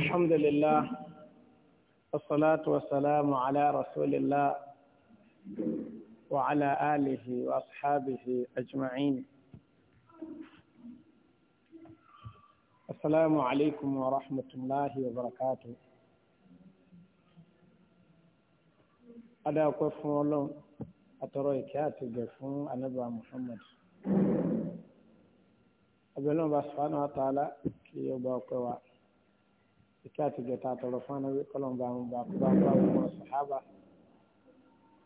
الحمد لله والصلاة والسلام على رسول الله وعلى آله وأصحابه أجمعين السلام عليكم ورحمة الله وبركاته أدا قف ولون أتروي كاتب فون أنبا محمد أبلون سبحانه وتعالى كي يبقى ìkẹ́ àtìgẹ̀ ta tọrọ fún anáwó kọlọ̀mbà àwọn ọba àkúrò àgbà ọmọ sàhábà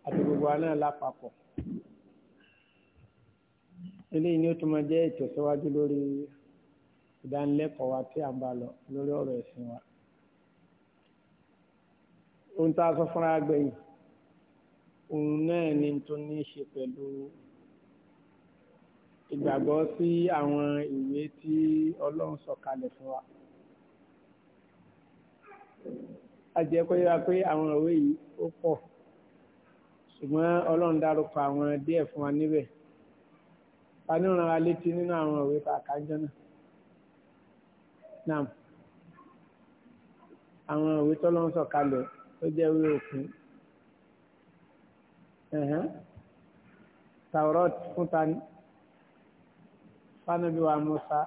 àti gbogbo wa náà lápapọ̀. eléyìí ni ó tún máa jẹ́ ìtẹ̀síwájú lórí ìdánilẹ́kọ̀ọ́ wa tí a ń bá lọ lórí ọ̀rọ̀ ẹ̀sìn wa. ohun tá a sọ fúnra gbẹ̀yìn òun náà ni tó ní í ṣe pẹ̀lú ìgbàgbọ́ sí àwọn ìwé tí Ọlọ́run sọ̀kalẹ̀ fún wa. àjẹ́ kó yẹra pé àwọn òwe yìí ó pọ̀ ṣùgbọ́n ọlọ́run dárúkọ àwọn díẹ̀ fún wa níbẹ̀ ta ní ràn wá létí nínú àwọn òwe kàkájọ́ náà náà àwọn òwe tọ́lọ́run sọ̀kalẹ̀ tó jẹ́ òwe òkun taurat fún ta ní fanabi musa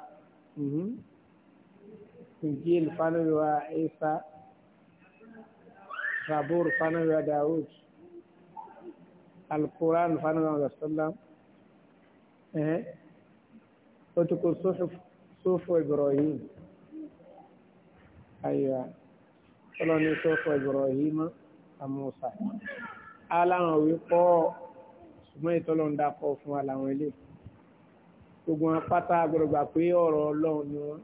injil fanabi isa. Zabur fanabiwa Dawud Al-Quran fanabiwa Rasulullah ẹ̀hẹ́n ó ti kó sófò Ibrahim ayiwa ọlọ́ni sófò Ibrahim amusa aláwọn òwe pọ̀ ṣùgbọ́n ìtọ́lọ́ ń dákọ̀ fún wa làwọn ilé gbogbo wọn pátá gbọdọ̀gbà pé ọ̀rọ̀ Ọlọ́run ni wọn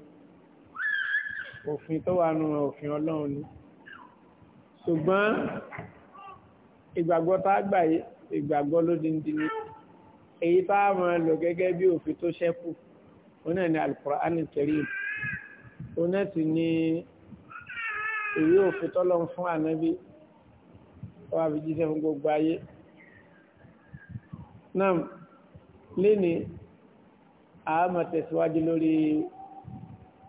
òfin tó wà nù òfin Ọlọ́run ni ṣùgbọ́n ìgbàgbọ́ tá a gbà yìí ìgbàgbọ́ lódindini èyí tá a máa lò gẹ́gẹ́ bí òfin tó ṣẹ́kù òun náà ni alukur'an karim òun náà sì ni èyí òfin tọ́lọ̀ ń fún ànábì wàá fi fún gbogbo ayé náà léni a tẹ̀síwájú lórí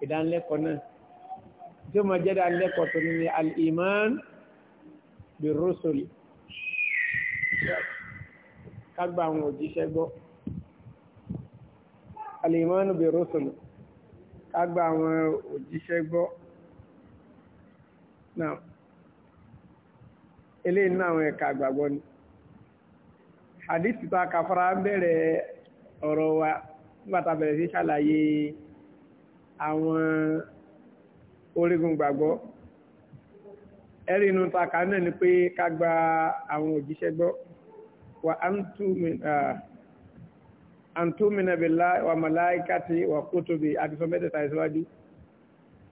ìdánilẹ́kọ̀ọ́ náà tí ó máa jẹ́ ìdánilẹ́kọ̀ọ́ tó ní al-iman bìrúsùlì kágbà àwọn òjíṣẹ́ gbọ́ alìmọ́nù bìrúsùlì kágbà àwọn òjíṣẹ́ gbọ́ náà eléyìí nínú àwọn ẹ̀ka àgbàgbọ́ ni hadithi tó akafara bẹ̀rẹ̀ ọ̀rọ̀ wa nígbàtà bẹ̀rẹ̀ sí ṣàlàyé àwọn orígun gbàgbọ́ ẹ̀rí inú taka náà ni pé ká gba àwọn òjíṣẹ́ gbọ́ wa antumina ah, billahi wa malaikati wa kutubi àtisọ mẹ́tẹ̀ẹ̀ta ìsíwájú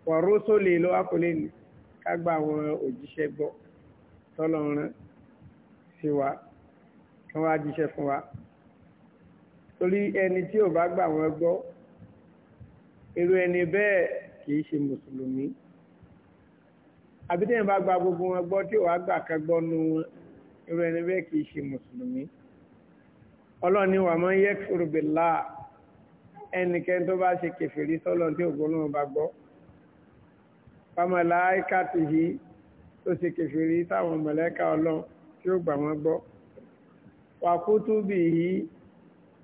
wa rusuli ló wákòlẹ́ ní ká gba àwọn òjíṣẹ́ gbọ́ tọ́lọ́run sí wa kí wọ́n á jíṣẹ́ fún wa torí ẹni tí ò bá gbà wọ́n gbọ́ àbí tẹ́yìn bá gba gbogbo wọn gbọ́ tí wàá gbà kan gbọ́ nu wọn irú ẹni bẹ́ẹ̀ kì í ṣe mùsùlùmí ọlọ́ọ̀ni wà máa ń yẹ kúròbìlà ẹnikẹ́ni tó bá ṣe kẹfìrí sọ́lọ́ tí ògbó náà bá gbọ́ pamọ́lá ìkàtìhí tó ṣe kẹfìrí sáwọn mọ̀lẹ́kà ọlọ́run tí ó gbà wọ́n gbọ́ wàkútù bìhí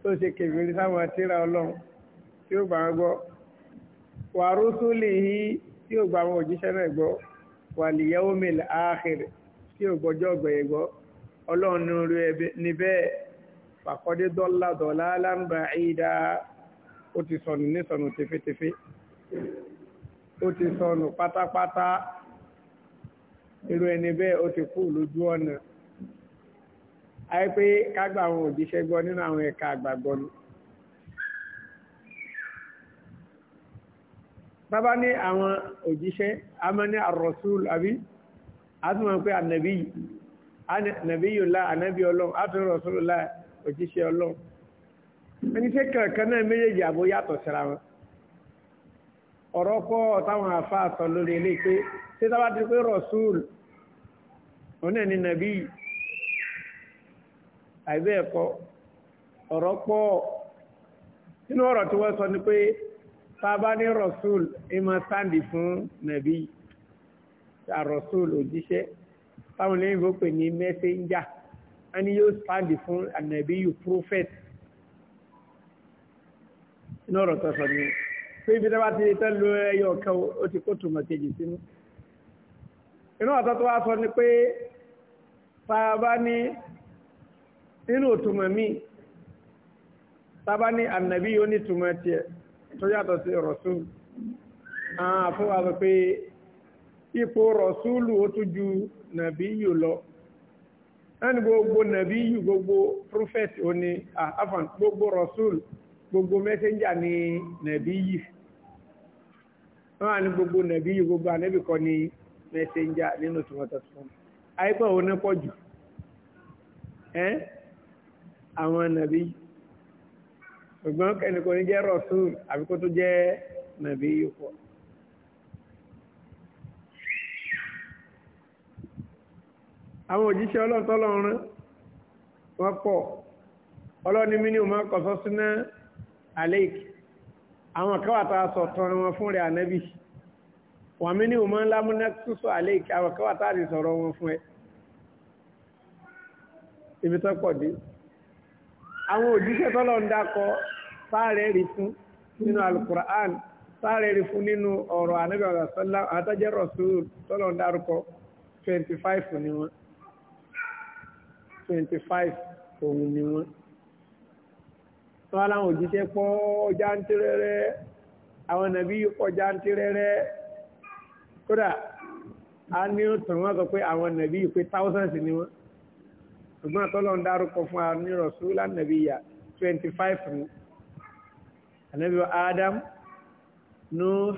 tó ṣe kẹfìrí sáwọn tíra ọlọ́run tí ó gbà wọ́n gbọ́ wàrúsùlìhí tí ó gbà wọ́n òjíṣẹ́ náà gbọ́ wàlìyàwómìl áàkìrì tí ò gbọ́jọ́ gbẹ̀yẹ̀gbọ́ ọlọ́run ní bẹ́ẹ̀ fàkọ́dé dọ́là dọ̀là lámbà ìdá ó ti sọnù ní sọnù tẹfẹtẹfẹ ó ti sọnù pátápátá irú ẹni bẹ́ẹ̀ ó ti kú lójú ọ̀nà àìpé kágbà àwọn òjíṣẹ́ gbọ́ nínú àwọn ẹ̀ka àgbàgbọ́ ni. bàbá ní àwọn òjíṣẹ́ a mọ́ ní àrọ̀súl àbí a tún mọ̀ pé ànàbí yóò lá ànàbí ọlọ́run a tún rọ̀súl lá òjíṣẹ́ ọlọ́run ẹni ṣe kankan náà méjèèjì àbó yàtọ̀ síra wọn ọ̀rọ̀ pọ̀ táwọn àfa lórí ilé pé ṣé tábà ti pé rọ̀súl òun náà tábà ní rasul ìmọ̀ sáǹdì fún nàbí rasul òjíṣẹ́ táwọn lẹ́yìn bó pè ní messenger a ní yóò sáǹdì fún nàbí yù prophet inú ọ̀rọ̀ tó sọ ní pé ibi tó bá ti tẹ́ lo ẹyọ ọ̀kẹ́ ó ti kó tùmọ̀ kejì sínú inú ọ̀tọ́ tó wá sọ ni pé tábà ní nínú òtùmọ̀ míì tábà ní ànàbí yóò ní tùmọ̀ tiẹ̀ tó yàtọ̀ sí rọ̀súlù àwọn àfọwà sọ pé ipò rọ̀súlù ó tún ju nàbíyù lọ ẹni gbogbo nàbíyù gbogbo prophet ó ní àfàn gbogbo rọ̀súlù gbogbo messenger ní nàbíyù wọ́n á ní gbogbo nàbíyù gbogbo ànábì kọ́ ní messenger nínú tòmọ́tò tó fún àyíkọ́ òun náà pọ̀ jù àwọn nàbíyù ṣùgbọ́n ẹnìkan ní jẹ́ rọ̀súl àbí kó tó jẹ́ nàbí yípo. àwọn òjíṣẹ́ ọlọ́tọ́lọ́run wọ́n pọ̀ ọlọ́ni mínú máa kọ̀sọ́ síná àlẹ́ìkì àwọn kẹwàtà sọ̀tọ̀ wọn fún rẹ̀ ànábì wà mínú máa lámúná túsọ̀ àlẹ́ìkì àwọn kẹwàtà àti sọ̀rọ̀ wọn fún ẹ ibi tó dé àwọn òjíṣẹ́ tọ́lọ́ ń dákọ̀ sáré rí fún nínú alukur'an sáré rí fún nínú ọ̀rọ̀ ànábì àgbàsọ́lá àtàjẹ́ rọ̀sùlù tọ́lọ̀ ń dárúkọ 25 ni wọ́n 25 òun ni wọ́n wọ́n aláwọn òjíṣẹ́ pọ̀ jántìrẹrẹ àwọn nàbí pọ̀ jántìrẹrẹ kódà a ní òtún wọn sọ pé àwọn nàbí pé thousands ni wọ́n ṣùgbọ́n tọ́lọ̀ ń dárúkọ fún àwọn nírọ̀sùlù yà 25 ni wọ́n ànábì wa Adam Nuh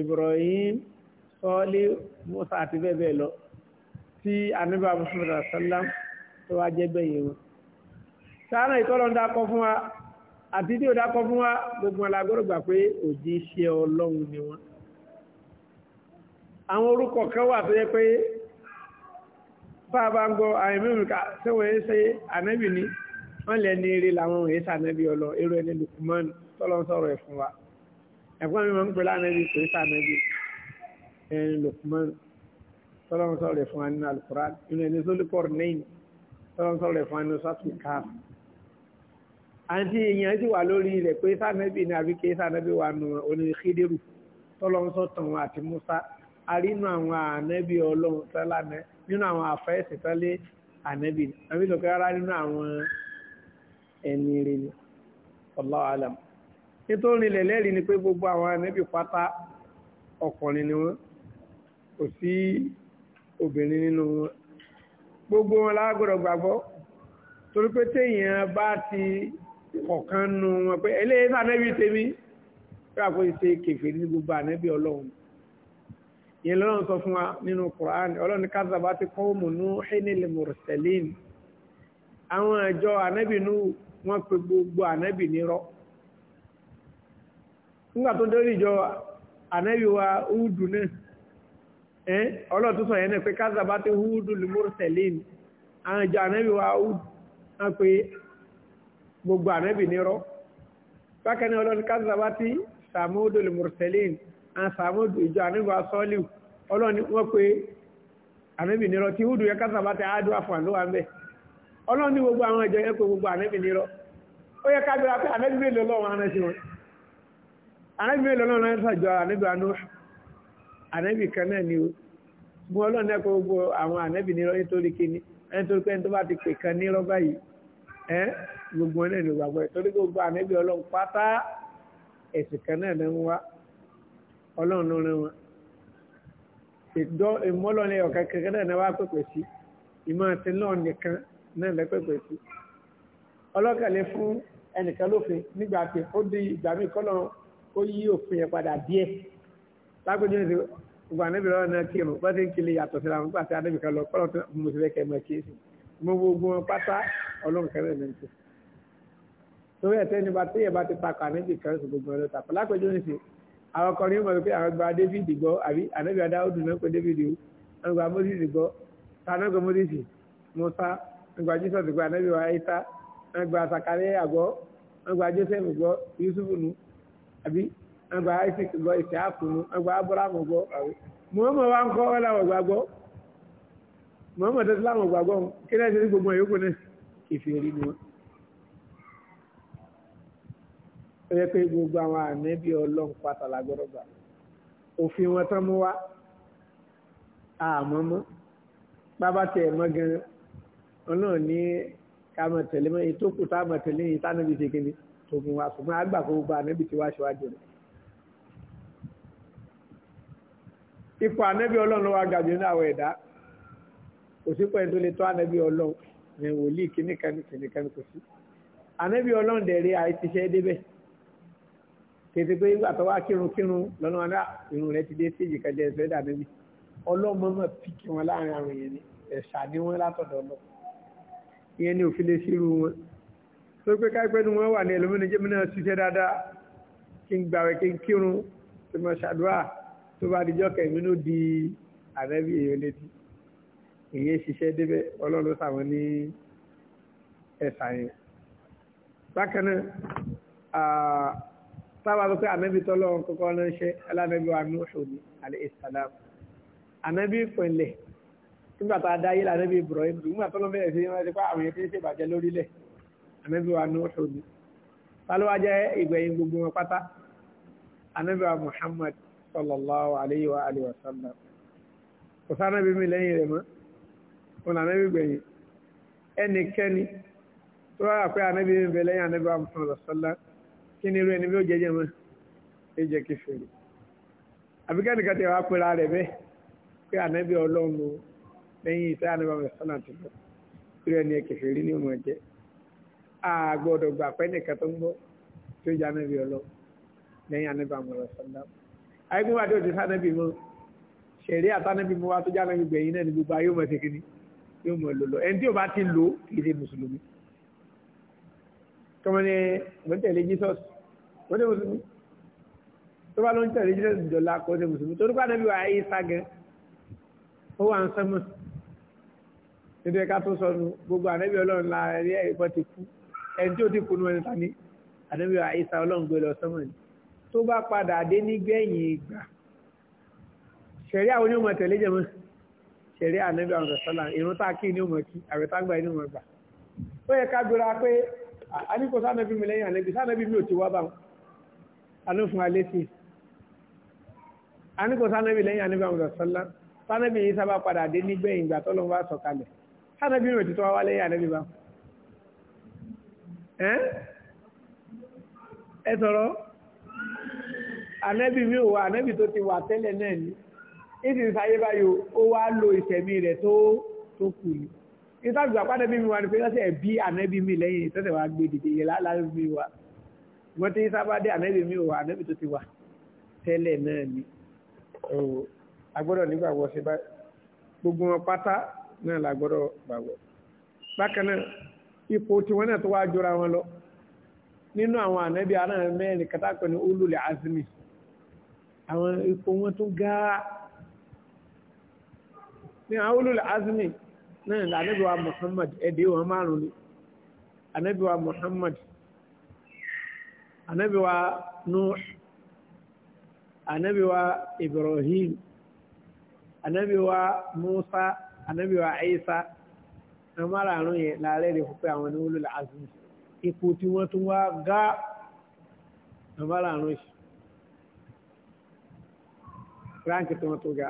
Ibrahim sọ́ọ́lì Musa àti bẹ́ẹ̀ bẹ́ẹ̀ lọ tí Abu wa Muhammad sallam tó wá jẹ́ gbẹ̀yìn wọn. sáárà ìtọ́lọ́ ń dákọ́ fún wa àti tí ò dákọ́ fún wa gbogbo alágbọ́dọ̀ gbà pé òjíṣẹ́ Ọlọ́run ni wọ́n. àwọn orúkọ kan wà tó yẹ pé bá a bá ń gbọ́ àìmọ́ ìrìnkà tí wọ́n ń ni wọ́n lẹ ní eré làwọn òye sànẹ́bí ọlọ eré ẹni Lukuman tọ́lọ́ sọ̀rọ̀ ẹ̀ fún wa ẹ̀fọ́n mi máa ń pè lánàbí kò sànẹ́bí ẹni Lukuman tọ́lọ́ sọ̀rọ̀ ẹ̀ fún wa nínú Al-Qur'an nínú ẹni sólùkọ́r nẹ́yìn tọ́lọ́ sọ̀rọ̀ ẹ̀ fún wa nínú sátìlì káf àti èèyàn sì wà lórí rẹ̀ pé sànẹ́bí ni àbí kì í sànẹ́bí wà nù oníkédèrú tọ́lọ́ sọ̀tàn àti Musa ẹni rẹ ni Allahu alam nítorí lẹ́lẹ́rìí ni pé gbogbo àwọn ànábì pátá ọkùnrin ni wọ́n kò sí obìnrin nínú wọn gbogbo wọn lágbọ́dọ̀ gbàgbọ́ torí pé téèyàn bá ti kọ̀kan nu wọn pé eléyìí náà ànábì tèmi pé àpò ìṣe kèfèrí ní gbogbo ànábì ọlọ́run yẹn lọ́run sọ fún wa nínú Qur'an ọlọ́run kazabati qawmu Nuhin lil mursalin àwọn àjọ ànábì Nuhu wọ́n pe gbogbo ànábì nírọ́ nígbà tó dórí ìjọ ànábì wa húdù náà ẹ́ ọlọ́run tó sọ yẹn náà pé kázàbá tó húdù lùmọ́rùsẹ̀lẹ́n àwọn ìjọ ànábì wa húdù wọ́n pe gbogbo ànábì nírọ́ bákan náà ọlọ́run kázàbá tí sàmúdù lùmọ́rùsẹ̀lẹ́n àwọn sàmúdù ìjọ ànábì wa sọ́ọ̀lù ọlọ́run wọ́n pe ànábì nírọ́ tí húdù yẹ kázàbá tó àádọ́ àfọ̀n ló wà ọlọ́run ní gbogbo àwọn ìjọ yẹn pé gbogbo ànẹ́bì nírọ́ ó yẹ ká gbéra pé ànẹ́bì mélòó lọ́wọ́ aná sí wọn ànẹ́bì mélòó lọ́wọ́ aná sàjọ ànẹ́bì anú ànẹ́bì kan náà ni o mú ọlọ́run ẹ̀kọ́ gbogbo àwọn ànẹ́bì nírọ́ nítorí kíní ẹni tó pẹ́ tó bá ti pè kan nírọ́ báyìí ẹ́ gbogbo ẹ̀ ló gbàgbọ́ ẹ̀ torí gbogbo ànẹ́bì ọlọ́run pátá ẹ̀sìn kan náà ń wá ọlọ́run ló wọn ìmọ̀ àti náà lẹ́pẹ̀pẹ̀ sí ọlọ́kẹ̀lẹ́ fún ẹnìkan lófin nígbà tí ó di ìgbà míì kọ́nà ó yí òfin yẹn padà díẹ̀ lágbójú ní ìgbà níbi lọ́wọ́ náà kírun bá ti ń kiri yàtọ̀ síra wọn pàṣẹ adébìkan lọ kọ́nà tó mú sí fẹ́ kẹ́ mọ́ kí èsì mo gbogbo wọn pátá ọlọ́run kẹrẹ́ mi ti torí ẹ̀ tẹ́ni bá téèyàn bá ti takà níbi wọ́n gba jesus gba anabi wa isa wọ́n gba sakaria gbọ́ wọ́n gba joseph gbọ́ yusuf nu àbí wọ́n gba isaac gbọ́ isiaku nu wọ́n gba abraham gbọ́ muhammed wa ń kọ́ ọ́ làwọn gbàgbọ́ muhammed tó ti láwọn gbàgbọ́ kí náà ṣe ní gbogbo ẹ̀yọ́kù náà kèfèrí ni wọ́n. ó yẹ pé gbogbo àwọn ànẹ́bí ọlọ́run pátá la gbọ́dọ̀ gbà òfin wọn tán mú wá àmọ́ mọ́ bàbá tiẹ̀ mọ́ gan-an ọlọ́run ní ká máa tẹ̀lé mọ́ ètò kù tá a máa tẹ̀lé yìí tá a nàbí ṣe kéde tó fún wa ṣùgbọ́n àgbà kó gbogbo ànábì tí wá ṣíwájú rẹ̀. ipò ànábì ọlọ́run ló wá gàjù ní àwọn ẹ̀dá kò sí pẹ́ẹ́n tó lè tó ànábì ọlọ́run ní wòlíì kìnnìkan kìnnìkan kò sí. ànábì ọlọ́run dẹ̀rẹ́ àìsíṣẹ́ débẹ̀ tètè pé ìgbà tó wá kírunkírun lọ́nà ah, wọn dá ni ẹ̀ṣà ni wọ́n ìyẹn ni òfin lè ṣírú wọn tó pé káìpẹ́ ni wọ́n wà ní ẹlòmínú jẹ́mi náà ṣiṣẹ́ dáadáa kí n gbàwẹ̀ kí n kírun tó máa ṣàdúrà tó bá dijọ́ kẹ̀mínú di àrẹ́bí èèyàn létí ìyẹn ṣiṣẹ́ débẹ̀ ọlọ́run sàwọn ní ẹ̀sà yẹn. bákan náà táwa sọ pé ànábì tọ́lọ́ kọ́kọ́ ránṣẹ́ alábẹ́bí wa ní àlẹ́ ìsàlámù ànábì pẹ̀lẹ́ nígbà tá a dá yé lànà bí Ibrahim nígbà tó ló bẹ̀rẹ̀ sí wọn ti pa àwọn èèyàn tí ń ṣèbàjẹ́ lórílẹ̀ ànábì wa Nuh ni ta ló wá jẹ́ ìgbẹ̀yìn gbogbo wọn pátá ànábì wa Muhammad sallallahu alayhi wa alihi wa sallam kò sáà náà bí mi lẹ́yìn rẹ̀ mọ́ òun ànábì gbẹ̀yìn ẹnikẹ́ni tó rárá Muhammad sallallahu kí ni irú ẹni bí ó jẹjẹ mọ́ ẹ jẹ́ kí fèrè àbíkẹ́nìkan tẹ̀ wá pera rẹ̀ lẹ́yìn ìta àníbàmọ̀ sọ́nà ti lọ irú ẹni ẹ̀kẹ̀fẹ̀ rí ní ọmọ jẹ́ àgbọ̀dọ̀ gbà pẹ́ nìkan tó ń gbọ́ tí ó jẹ́ anábì ọlọ́ lẹ́yìn àníbàmọ̀ sọ́nà. àyíkú wà tí ó ti sánábì mọ́ ṣẹ̀rí àtánábì mọ́ wa tó jẹ́ anábì gbẹ̀yìn náà ní gbogbo ayé ọmọ ṣèkìní yóò mọ̀ lò lọ ẹni tí ò bá ti lò kì í ṣe mùsùlùmí. kọ́mọ́ni mo ń tẹ̀lé Jesus ó ṣe mùsùlùmí tó bá ló ń tẹ̀lé Jesus ìjọba kò ṣe mùsùlùmí torí pé nítorí ká tó sọnù gbogbo ànábì ọlọ́run la rí ẹ̀kọ́ ti kú ẹni tí ó ti kunu ẹni tani ànábì àìsà ọlọ́run gbé lọ sọ́mọ̀ ni tó bá padà dé nígbẹ̀yìn ìgbà ṣẹ̀rí àwọn onímọ̀ tẹ̀lé jẹ̀mọ́ ṣẹ̀rí ànábì àwọn ọ̀sọ́là irun tá a kí ni ó mọ̀ kí àwẹ̀tágbà ni ó mọ̀ gbà ó yẹ ká gbéra pé àníkò sànàbí mi lẹ́yìn ànábì sànàbí mi ò ti wá bá wọn àná fún alẹ́ àníkò sànàbí lẹ́yìn ànábì àwọn ọ̀sọ́là sànàbí yìí sábà padà dé nígbẹ̀yìn ìgbà tọ́lọ́ sánàbí rẹ̀ ti tọ́ wá lẹ́yìn ànẹ́bí bá ẹ sọ̀rọ̀ ànẹ́bí mi ò wá ànẹ́bí tó ti wà tẹ́lẹ̀ náà ni ìsì sáyé báyìí ó wá lo ìṣẹ̀mí rẹ̀ tó tó kù ni ìtàbí àpá ànẹ́bí mi wà ní pé lọ́sẹ̀ bí ànẹ́bí mi lẹ́yìn ìtọ́sẹ̀ wá gbé dìde yẹ láàrín mi wà wọ́n ti sábà dé ànẹ́bí mi ò wá ànẹ́bí tó ti wà tẹ́lẹ̀ gbogbo wọn pátá náà la gbọ́dọ̀ gbàgbọ́ bákan náà ipò tiwọn náà tó wá jọra wọn lọ nínú àwọn ànábì aráàlú mẹ́rin kátàkùn ní ulul azmi àwọn ipò wọn tó ga ní àwọn ulul azmi náà ní ànábì wa Muhammad ẹ̀dẹ́ wọn márùn ni ànábì Muhammad ànábì wa Nuh ànábì wa Ibrahim ànábì wa Musa ànábì wa Ìsá àwọn márààrún yẹn láàrẹ́ rẹ̀ púpẹ́ àwọn ní ulul azmi ipò tí wọ́n tún wá gá àwọn márààrún yìí ránkì tí wọ́n tó ga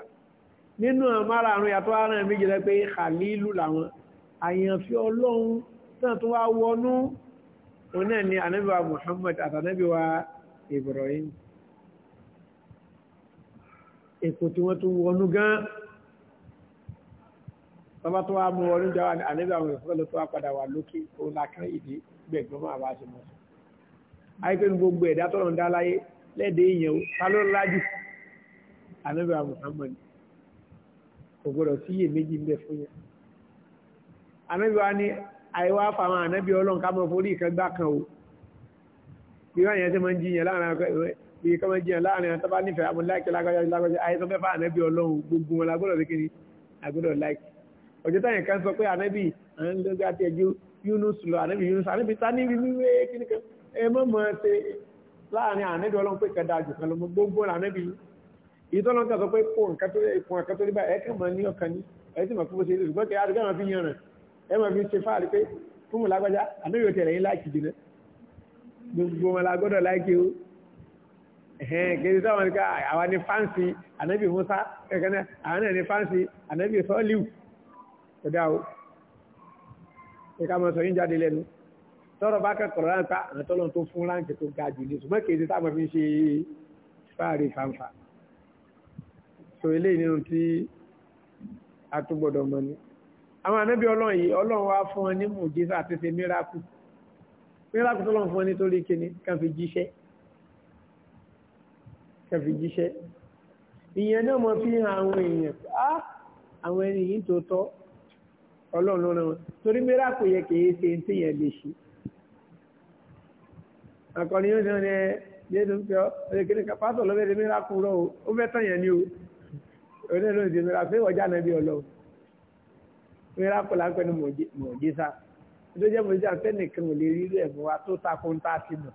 nínú àwọn márààrún yàtọ̀ àrùn méjì rẹ̀ pé khalilu làwọn àyànfi ọlọ́run náà tún wá wọnú òun náà ni ànábì wa Muhammad àtànábì wa Ibrahim èkó tí wọ́n tún wọnú gan tọ́ba tó wá mú ọdún jáwá àníbà àwọn ìfẹ́ ló tó wá padà wà lókè òun lakán ìdí gbẹ̀gbọ́n máa bá ṣe mọ̀ sí. àìpé ní gbogbo ẹ̀dá tọ́lọ̀ ń dá láyé lẹ́ẹ̀dẹ̀ èèyàn o ta ló lájú àníbà Muhammad kò gbọdọ̀ sí iye méjì ń bẹ fún yẹn. àníbà ni àìwá fáwọn ànábì ọlọ́run ká mọ forí ìkan gbá kan o bí wọ́n yẹn ṣe máa ń jiyàn láàrin bí kọ́mọ jiyàn láàrin àtọ́bá nífẹ̀ẹ́ ọjọ́ táyìn kan sọ pé ànábì àwọn lọ́gbà tí ẹjọ́ Yunus lọ ànábì Yunus ànábì ta ní wíwé kíní kan ẹ mọ̀ ṣe láàrin ànábì ọlọ́run pé kẹta àjò kan lọmọ gbogbo ànábì yìí tọ́lọ́n kan sọ pé kó nǹkan tó lè kó nǹkan tó lè báyìí ẹ kàn mọ̀ ní ọkàn ní ẹ sì mọ̀ fún bó ṣe lè ṣùgbọ́n kí adùn káwọn fi yan rẹ̀ ẹ mọ̀ fi ṣe fáàrí pé fún mi lágbájá ànábì ò tẹ̀lé yín láìkì jìnnà gbogbo wọn la gbọ́dọ̀ láìkì o ẹ̀hẹ́n kìí sáwọn ní ká àwọn ní fáǹsì ẹ̀dá o ẹ̀ka máa sọ yín jáde lẹ́nu tọ́rọ̀ bá kẹ́kọ̀ọ́ ráńpá àtọ́lọ́ tó fún ráńpẹ́ tó ga jù ní ṣùgbọ́n kèsì táwọn fi ń ṣe fáàrí fanfa so eléyìí nínú tí a tún gbọ́dọ̀ mọ̀ ni àwọn anábì ọlọ́run yìí ọlọ́run wá fún wọn ní mùjísà àti ṣe mírákù mírákù tó lọ́n fún wọn nítorí kíni kàn fi jíṣẹ́ kàn fi jíṣẹ́ ìyẹn náà mọ̀ fi hàn àwọn èèyàn pé á àwọn ẹni yìí tó tọ́ ọlọ́run ló rán wọn torí mẹ́rà kò yẹ kì í ṣe ní tíyẹn lè ṣe. àkọni yóò ní ọ̀nà jésù ń pẹ́ ọ́ ọ̀rẹ́ kí ni ká pásọ̀ lọ́wọ́ ẹ̀rẹ́ mẹ́rà kù rọ̀ ó fẹ́ tàn yẹn ni o òun náà ló ń mẹ́rà fẹ́ wọ́jà náà bí ọlọ́run mẹ́rà kù láńpẹ́ ni mọ̀ọ́jísà tó jẹ́ mọ̀ọ́jísà fẹ́nìkan ò lè rí rẹ̀ mọ́ wa tó takun tá a ti mọ̀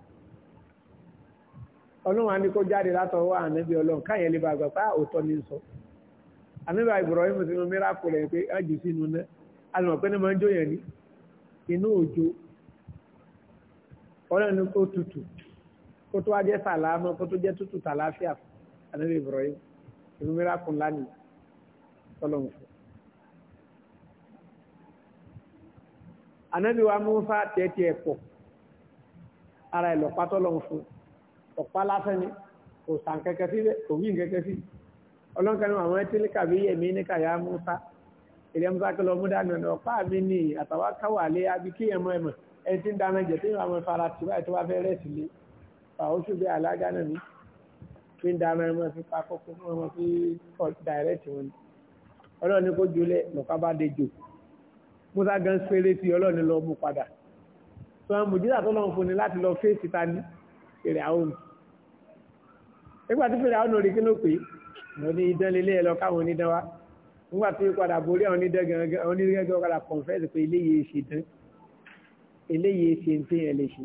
ọlọ́run á ní kó jáde látọwọ́ ànábì ọlọ́run káyẹn lè bá gbà ah, ti mú mẹ́rà kù rẹ̀ pé á jù sínú náà alùpàpẹ́ ní máa ń jó yẹn ní inú òjò ọlọ́run ní kó tutù kó tó wá jẹ́ sàlámọ́ kó tó jẹ́ tutù tàlàáfíà ànábì Ibrahim ìlú mìíràn kún lánìí tọ́lọ́mù fún. ànábì wa Mùsá tẹ́tẹ́ ẹ̀ pọ̀ ara ẹ̀ lọ́pàá tọ́lọ́mù fún ọ̀pá lásán ni kò sàn kẹ́kẹ́ sí kò wí kẹ́kẹ́ sí ọlọ́nkẹ́ ni àwọn ẹtí ní kàbí yẹ̀mí ní kàyà Mùsá ìrẹ́ mú sákẹ́ lọ mú dáná náà ọ̀pá mi ní àtàwà káwà lé abí kí ẹni tí ń dáná jẹ tí ìwà fara tì báyìí tó bá fẹ́ rẹ̀ sí lé àwọn oṣù bí alága náà ní fi ń dáná ẹ̀mọ́ fi pa kókó fún ọmọ fi kọ́ dàrẹ́tì wọn. ọlọ́run kó jolẹ̀ lọ́ka bá de jò musa gan fèrè sí ọlọ́run lọ mú padà tó àwọn mùjísà tó lọ́n fún ni láti lọ fèsì ta ní fèrè àwọn nígbà tí fèrè àwọn orí kí ló pè é lọ ní ìdánlélé ẹ nígbà tí padà borí àwọn onídẹ́gẹ̀ẹ́ padà confess pé eléyìí ṣe tán eléyìí ṣe ń tẹ́yẹ̀ lè ṣe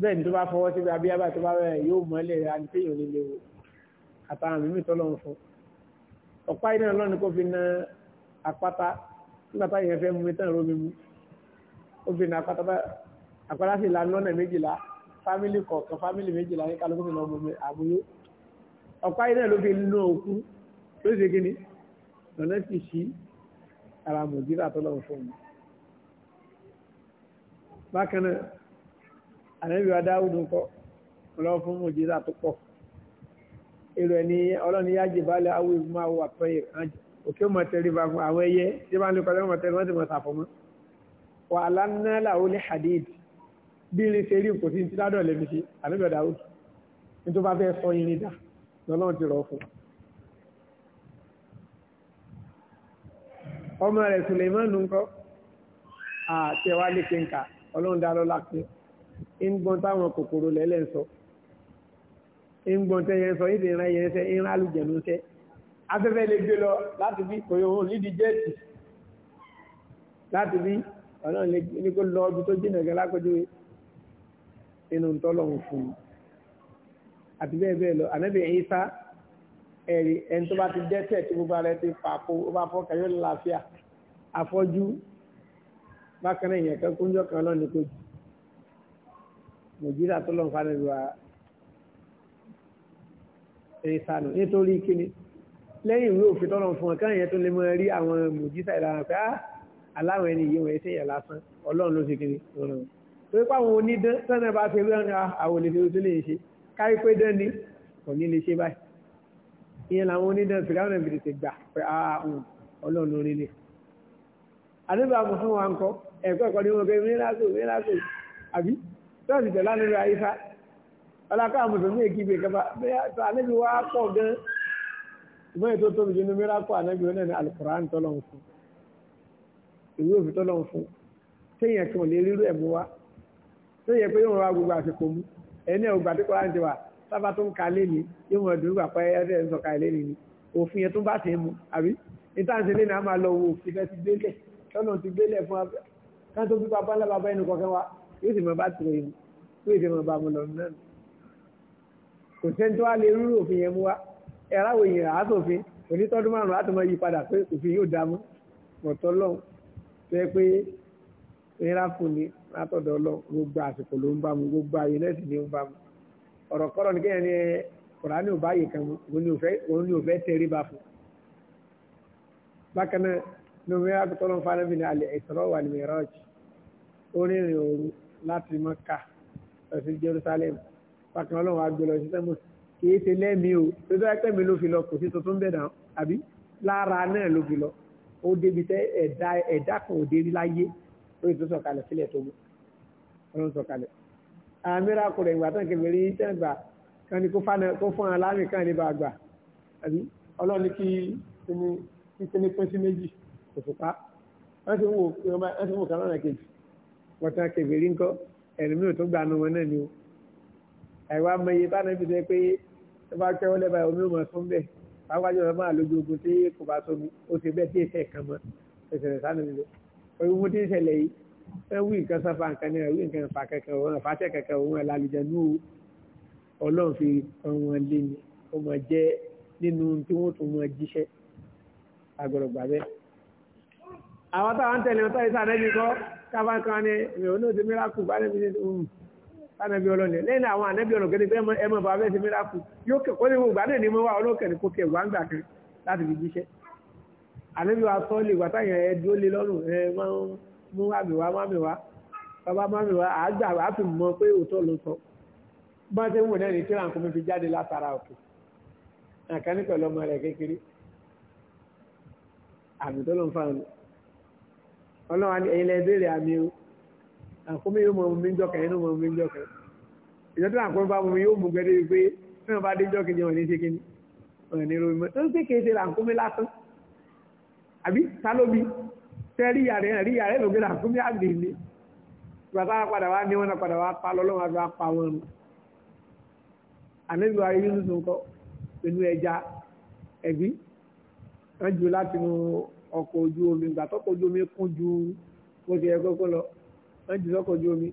bẹ́ẹ̀ ni tó bá fọwọ́ síbi abíyábà tó bá rẹ̀ yóò mọ́lẹ̀ ra ní tẹ́yẹ̀ onílé wo àtàwọn mímí tọ́lọ́ ń fún ọ̀pá iná lọ́nà kó fi na àpáta nígbà táyẹ̀ fẹ́ mú mi tán rómi mú ó fi na àpáta bá àpáta sì la lọ́nà méjìlá fámìlì kọ̀ọ̀kan fámìlì méjìlá ní kálukú fi lọ́ọ́ mú mi àbúyó ọ̀pá iná ló fi nú òkú tó ṣe kí ni lọ́nà sì ṣí ara mọ̀jíra tọ́lọ́wọ́ fún mi bákan náà ànábì wa dáwùdù kọ́ ọlọ́wọ́ fún mọ̀jíra tó pọ̀ èrò ẹni ọlọ́ni yájì balẹ̀ awé máa wà pẹ́yì òkè mọ̀ tẹ́rí bá fún àwọn ẹyẹ tí bá ń lè kọjá mọ̀ tẹ́rí wọ́n ti mọ̀ sàfọ́mọ́ wà lánà làwọn ní hadid bí irin ṣe rí kò sí ní ládọ̀ lẹ́mi ṣe ànábì wa dáwùdù nítorí bá fẹ́ sọ irin dà lọ́lọ́run ti rọ̀ fún un. ọmọ rẹ̀ Suleiman ńkọ́ àtẹwálé kínkà ọlọ́run dá lọ́lá pé ń gbọ́n táwọn kòkòrò lẹ́lẹ́ ń sọ ń gbọ́n tẹ́yẹ ń sọ ìdè ìran yẹn sẹ́ ìran alùjẹ̀nu sẹ́ afẹ́fẹ́ lè gbé lọ láti bí kò yóò nídìí jẹ́ẹ̀tì láti bí ọlọ́run ní kó lọ ibi tó jìnà gan lápẹ́jú inú tọ́lọ́run fún un àti bẹ́ẹ̀ bẹ́ẹ̀ lọ ànábì Ìsá ẹ̀rí ẹni tó bá ti dẹ́tẹ̀ tí gbogbo ara ti pàpò ó bá fọ́ kẹyọ́ lálàáfíà afọ́jú bákan náà ìyẹn kan kúnjọ́ kan lọ́ni kò jù nàìjíríà tó lọ́n fani wa ẹ̀rí sànù nítorí kíni lẹ́yìn ìwé òfin tọ́lọ̀ fún ọ káyẹ̀ tó lè mọ rí àwọn mùjísà ìlànà pé ah, aláwọ̀ ẹni yìí wọ̀nyí sí ìyẹ̀ lásán ọlọ́run ló fi kíni rọrùn torí páwọn onídán tọ́nà bá ah, fi rí àwọn olè tó lè ṣe káyí dán ni kò ní lè ṣe báyìí ìyẹn làwọn onídẹ̀ẹ́sì káwọn ẹ̀ fìdí ti gbà pé ààrùn ọlọ́run lórí lè àdébà mọ̀ fún wa ń kọ́ ẹ̀kọ́ ẹ̀kọ́ ni wọ́n pé mírásù mírásù àbí tọ́ọ̀sì tẹ̀lá nínú àyíká ọlákà mùsùlùmí èkìgbè kaba bẹ́ẹ̀ ànábì wá pọ̀ gan ṣùgbọ́n ètò tóbi jù ní mírásù ànábì wọn ní alukuran tọ́lọ̀ ń fún ìwé òfin tọ́lọ̀ ń fún téèyàn kan lè rírú ẹ̀ mú wa tó yẹ pé ọgbà tí kò sábà tó ń ka lé ní yóò mọ̀ dùn gbàpá ẹ̀rẹ́ ń sọ̀ka lé ní òfin yẹn tó bá ti mú àbí ìtànṣe lé ní a máa lọ wo òfin fẹ́ ti gbélẹ̀ tọ́nà ti gbélẹ̀ fún abẹ́ ká tó bí bàbá ńlá bàbá ẹnu kọ̀ọ̀kan wa yóò sì mọ̀ bá tìrò yìí tó ìdè mọ̀ bá mu lọ náà kò sẹ́ni tó wá lè rú òfin yẹn mú wa ẹ̀rá òyìn rà á sòfin onítọ́dún márùn-ún á tó mọ̀ yí padà pé òfin yóò dá mú mọ̀tọ́ lọ́hùn tó pé ìrìnà fún ni látọ̀dọ̀ lọ gbogbo àsìkò ló ń bá mu gbogbo ayé lẹ́sìn ni ó ń bá mu ọ̀rọ̀ kọ́rọ̀ ní kéèyàn ní kùránì ò báyìí kan òun ni ò fẹ́ tẹ̀rí bá fún bákan náà ní omi akutọ́ ló ń fa níbi ní alẹ́ Isra wal Miraj orin ìrìn òru láti Mọ́kà lọ sí Jerusalem bákan náà ọlọ́run agbèlọ sí sẹ́mu kì í ṣe lẹ́mìí o tó dá pẹ́ mi ló fi lọ kò sí tuntun bẹ̀ dàn àbí lára náà ló fi lọ ó débi tẹ ẹ̀dá ẹ̀dá kan ò dé láyé ó yẹ tó sọ̀kalẹ̀ sílẹ̀ tó mú ọlọ́run sọ̀kalẹ̀ àwọn mìíràn kò rẹ̀ ìgbà tán kẹfìrí tẹ́ gbà kan ni kó fún aláàmì kan ní bá gbà àbí ọlọ́run ní kí kíní pín sí méjì kò fòpá wọ́n ti wò kan lọ́nà kejì wọ́n tán kẹfìrí ńkọ́ ẹ̀rùmí ò tó gbà nu wọn náà ni o àìwá mọye báná bí sẹ pé tó bá kẹ́wọ́ lẹ́bàá omi ò mọ̀ fún bẹ́ẹ̀ pàápàájọ́ ọ̀rọ̀ máa lójú ogun tí kò bá tóbi ó ti bẹ́ẹ̀ tí èsẹ̀ ẹwú nǹkan sáfà nǹkan náà ẹwú nǹkan fà kẹkẹ òun fà tẹ kẹkẹ òun ẹlàlùjẹ ní Ọlọ́run fi ọwọn lé ní ọmọ jẹ nínú tí wọn tún mọ jíṣẹ́ agbọrọgbà bẹ. àwọn táwọn tẹ̀lé wọn tọ́jú sànẹ́bí kọ́ kábàkan ni èmi ò ní òsì mìíràkù bá nẹ́bí ní ọ̀hún um, sànẹ́bí ọlọ́ni lẹ́yìn àwọn ànẹ́bí ọ̀nà kẹ́ni pé ẹ mọ̀ bá bẹ́ẹ̀ sí mìíràkù yóò kẹ́kọ̀ọ́ ní gbogbo àdéhùn ni mo wà ọlọ́kẹ́ ni kò kẹ́ gbàǹgbà kan láti fi jíṣẹ́ ànẹ́bí wa sọ́ọ́lì wàtáyàn ẹ dúró lé lọ́rùn ẹ máa ń mú àmìwá mámìwá bàbá mámìwá àágbà wà fi mọ pé òótọ́ ló sọ bá ti ń wò náà ní kí làǹkó mi fi jáde látara òkè àkànní pẹ̀lú ọmọ rẹ̀ kékeré àmì tó ló ń fa ọ̀nà ọlọ́wà ní ẹ̀yìn lẹ́bẹ̀rẹ̀ àmì o àkómi yóò mọ omi jọkẹ̀ yóò mọ omi jọkẹ̀ ìjọba àkómi bá mọ omi yóò mú gẹ́gẹ́ pé tí wọ́n bá dé jọ́kì ní ọ̀nà ìṣẹ́kì ní ọ̀nà ìròyìn mọ́ tó ń tẹ́ ríyà rẹ̀ ríyà rẹ̀ lògbé là fún mi àgbè ní bàbá padà wá ní wọn padà wá pa lọ́lọ́wọ́ àti wá pa wọn nù àlejò ayé yunus ńkọ pẹ̀lú ẹja ẹ̀bí wọ́n ju láti nu ọkọ̀ ojú omi ìgbà tọ́kọ̀ ojú omi kún ju bó ti yẹ kókó lọ wọ́n ju sọ́kọ̀ ojú omi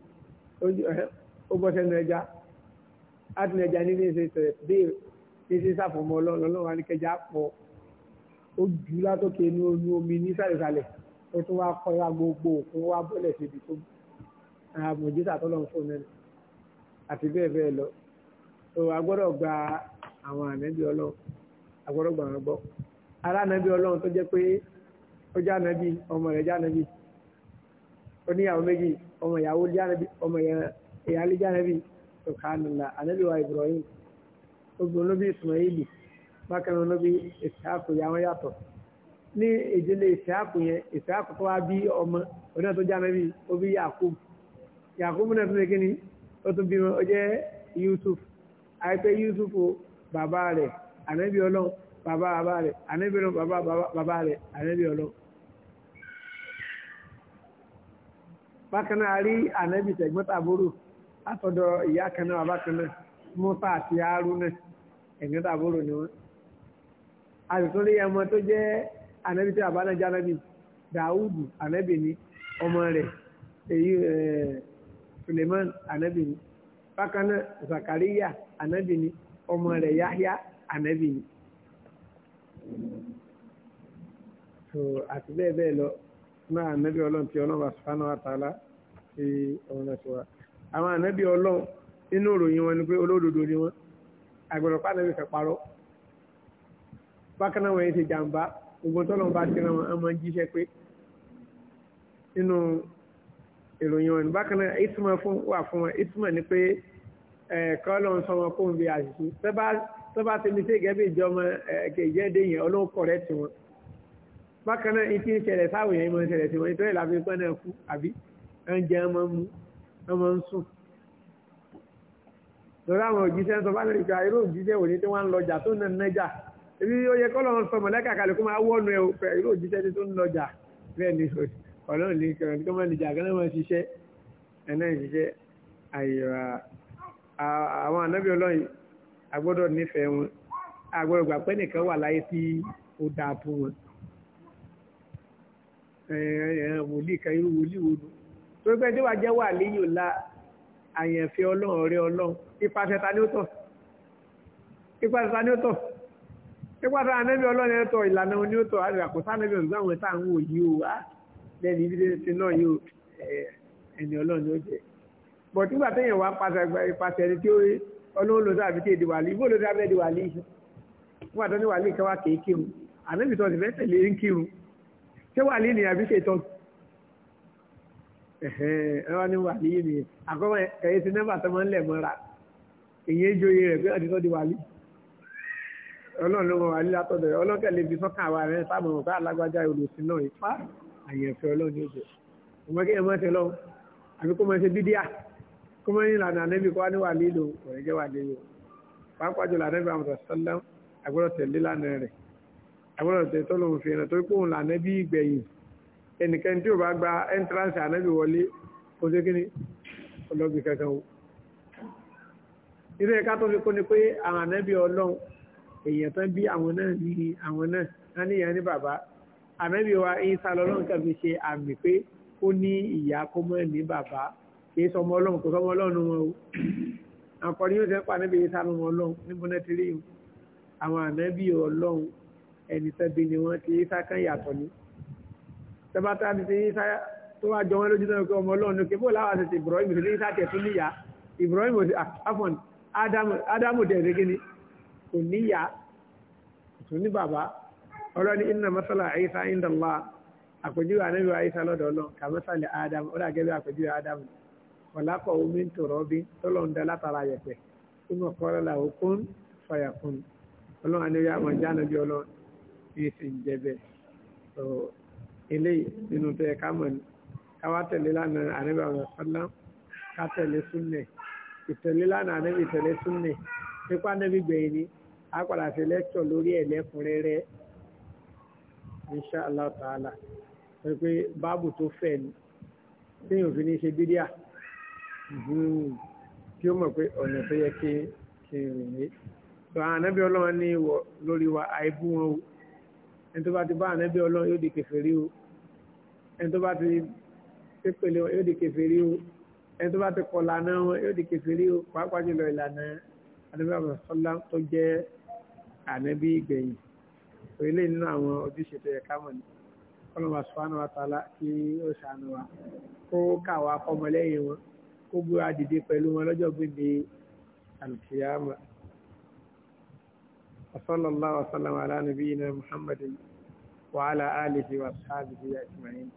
ó bọ́ sẹ́nu ẹja láti nu ẹja ní ní ìṣe sẹ̀ bẹ́ẹ̀ ní ṣe sàfọ̀mọ́ ọlọ́run ọlọ́run pọ̀ ó ju látọ̀kẹ́ inú omi ní sàlẹ̀sàlẹ̀ ó tún wá kọ́ ya gbogbo òkun wá bọ́lẹ̀ síbi tó mọ̀jísà tó lọ́n fún mi àti bẹ́ẹ̀ bẹ́ẹ̀ lọ so agbọ́dọ̀ gba àwọn ànábì ọlọ́run agbọ́dọ̀ gba àwọn gbọ́ ara ànábì ọlọ́run tó jẹ́ pé ó jẹ́ ànábì ọmọ rẹ̀ jẹ́ ànábì ó níyàwó méjì ọmọ ìyàwó jẹ́ ànábì ọmọ ìyálé jẹ́ ànábì subhanallah ànábì wa Ibrahim obìnrin ló bí Ismaili bákan náà ló bí Ishaq ní ìdílé ìsáàkù yẹn ìsáàkù tó wá bí ọmọ oní ọ̀tún jáde bí ó bí yakubu yakubu náà tún lè kí ni ó tún bímọ ó jẹ́ yusuf àìpé yusuf bàbá rẹ̀ ànábì ọlọ́run bàbá bàbá rẹ̀ ànábì ọlọ́run bàbá bàbá rẹ̀ ànábì ọlọ́run. bákan náà rí ànábì tẹ̀gbọ́ntàbúrò látọ̀dọ̀ ìyá kan náà bàbá kan náà musa àti haruna ẹ̀gbọ́ntàbúrò ni wọ́n. àtúntò lè ànábì tí bàbá náà jánábì dàúdù ànábì ni ọmọ rẹ̀ èyí suleiman ànábì ni bákan náà zakariya ànábì ni ọmọ rẹ̀ yahya ànábì ni so àti bẹ́ẹ̀ bẹ́ẹ̀ lọ náà ànábì ọlọ́run tí ọlọ́run subhanahu wa ta'ala ti ọ̀run ẹ̀sùn wa àwọn ànábì ọlọ́run nínú ìròyìn wọn ni pé olódodo ni wọn àgbẹ̀rọ̀pá ànábì fẹ́ parọ́ bákan náà wọ́n yẹn ti jàǹbá gbogbo tọ́lọ̀ bá ti ràn án máa jíṣẹ́ pé nínú ìròyìn wọn bákan náà ìtumọ̀ wà fún wọn ìtumọ̀ ni pé kọ́lọ̀ ń sọmọ kó ń bi àṣìṣe tó bá ti mi sí gẹ́gẹ́ bí ìjọmọ kèjẹ́dé yẹn ọlọ́run kọ̀rẹ́ tí wọn bákan náà ìtí ń ṣẹlẹ̀ sáwọn yẹn máa ń ṣẹlẹ̀ tí wọn làbí pẹ́ náà kú àbí ẹ̀ǹjẹ̀ ọmọ mú ọmọ ń sùn lọ́dọ̀ àwọn òjíṣẹ́ sọ bá ibi ó yẹ kọ́lọ̀ sọ mọ̀lẹ́kà kalẹ̀ kó máa wọ́nu ẹ̀ pẹ̀ irú òjíṣẹ́ tó ń lọjà bẹ́ẹ̀ ni ọlọ́run ní kẹrin tó máa nìjà gánà máa ṣiṣẹ́ ẹ̀nà ìṣiṣẹ́ àyèwà àwọn ànábì ọlọ́run agbọ́dọ̀ nífẹ̀ẹ́ wọn agbọ́dọ̀ gbà pé nìkan wà láyé tí ó dáa fún wọn wòlíì kan irú wòlíì wo nu tó gbẹ́ tí wàá jẹ́ wà léyìn ọ̀la àyànfẹ́ ọlọ́run ọ̀rẹ́ ọlọ́run ipa tẹta ni ó tọ̀ ipa tẹta ni ó tọ̀ nípasẹ̀ ànẹ́bí ọlọ́run ẹ̀tọ́ ìlànà oní òtò àdìràkọ̀ sánẹ́bí ọ̀gbọ́n àwọn ẹ̀ta àwọn òyì o á lẹ́nu ibi tí náà yóò ẹni ọlọ́run ó jẹ́ bọ̀ nígbà téèyàn wá pàṣẹ ẹni tí ó rí ọlọ́run ló dàbí tí èdè wàlí ìbò ló dàbí èdè wàlí nígbà tó ní wàlí kẹwà kéé kírun tó ti fẹ́ tẹ̀lé e ń kírun ṣé wàlí ni àbí ṣe tán ẹ̀hẹ́n ni ni àkọ́kọ́ kẹ̀yẹ́ ti nẹ́bà tó máa ń lẹ̀ mọ́ra èyí ọlọ́run ló mọ wà nílá tọ́jọ́ rẹ̀ ọlọ́kẹ́ lè fi sọ́kàn àwa rẹ̀ sábà mọ̀ pé alágbájá olùsìn náà ipá àyẹ̀fẹ́ ọlọ́run yóò jẹ́ ọmọ kí ẹ mọ́ ṣe lọ́wọ́ àbí kó mọ́ ṣe bídíà kó mọ́ ní ìlànà ànẹ́bí kó wá ní wà lílo ọ̀rẹ́ jẹ́ wà lílo pàápàá jùlọ ànẹ́bí àwọn sọ́lám àgbọ̀dọ̀ tẹ̀lé lánà rẹ̀ àgbọ̀dọ̀ tẹ̀ tọ́lọ́run lànẹ́bí ìgbẹ̀yìn ẹnìkan tí tó fi kó ni pé àwọn ànẹ́bí ọlọ́run èèyàn tán bí àwọn náà ní àwọn náà wọn ní ìyá ní bàbá ànábì wa Ìsá lọ́lọ́run kan fi ṣe àmì pé ó ní ìyá kó mọ́ ní bàbá kìí sọmọ ọlọ́run kò sọmọ ọlọ́run wọn o àkọ́ni yóò tẹ́ pa ànábì Ìsá lọ́mọ ọlọ́run níbo náà ti rí o àwọn ànábì ọlọ́run ẹni tẹ́bi ni wọ́n ti Ìsá kan yàtọ̀ ní tẹ́bátá ti ti Ìsá tó wá jọ wọn lójú náà pé ọmọ ọlọ́run lókè bó láwọn àti Ibrahim tó ní Ìsá tẹ̀ tún níyà Ibrahim àfọ̀n ah, Ádámù tẹ̀ kò níyà kò ní bàbá ọlọ́ni inna masala Isa inda Allah àpèjúwe ànábì wa Isa lọ́dọ̀ ọlọ́n kà masala Adam ó dàgẹ́ bí àpèjúwe Adam ọ̀làkọ̀ omi ń tòrọ́ bí tọ́lọ̀ ń dá látara yẹ̀pẹ̀ kúmọ̀ kọ́lá la òkun fàyàkùn ọlọ́run àníwá àmọ̀ jáná bí ọlọ́run yìí sì ń jẹ́bẹ̀ eléyìí nínú tẹ kámọ̀ ní káwá tẹ̀lé lánàá ànábì àwọn ọ̀sánlá ká tẹ̀lé ìtẹ̀lé lánàá ànábì ìtẹ̀lé á padà ṣe lẹ́tọ̀ lórí ẹ̀ lẹ́kùnrẹ́rẹ́ inshallah ta'ala pé báàbù tó fẹ̀ ni téèyàn fi ní ṣe bídíà hmm. kí ó mọ̀ pé ọ̀nà tó yẹ kí kí n rìn ní. sọ ànábì ọlọ́run ní ìwọ lórí wa àìbú wọn o ẹni tó bá ti bá ànábì ọlọ́run yóò di kèfèrí o ẹni tó bá ti pépèlé wọn yóò di kèfèrí o ẹni tó bá ti kọ̀ lànà wọn yóò di kèfèrí o pàápàá jùlọ ìlànà ànábì sọlá tó jẹ́ ànábì ìgbẹ̀yìn orílẹ nínú àwọn ojúṣe tó yẹ ká mọ̀ ní ọlọmọ asùnfàánù àtàlà kí ó ṣàánú wa kó káwa kọmọlẹ́yìn wọn kó búra dìde pẹ̀lú wọn lọ́jọ́ gbèdé alùkìyàmà wasallallahu wasallam ala nabiyina muhammadin wa ala alihi wa ashabihi ajma'in.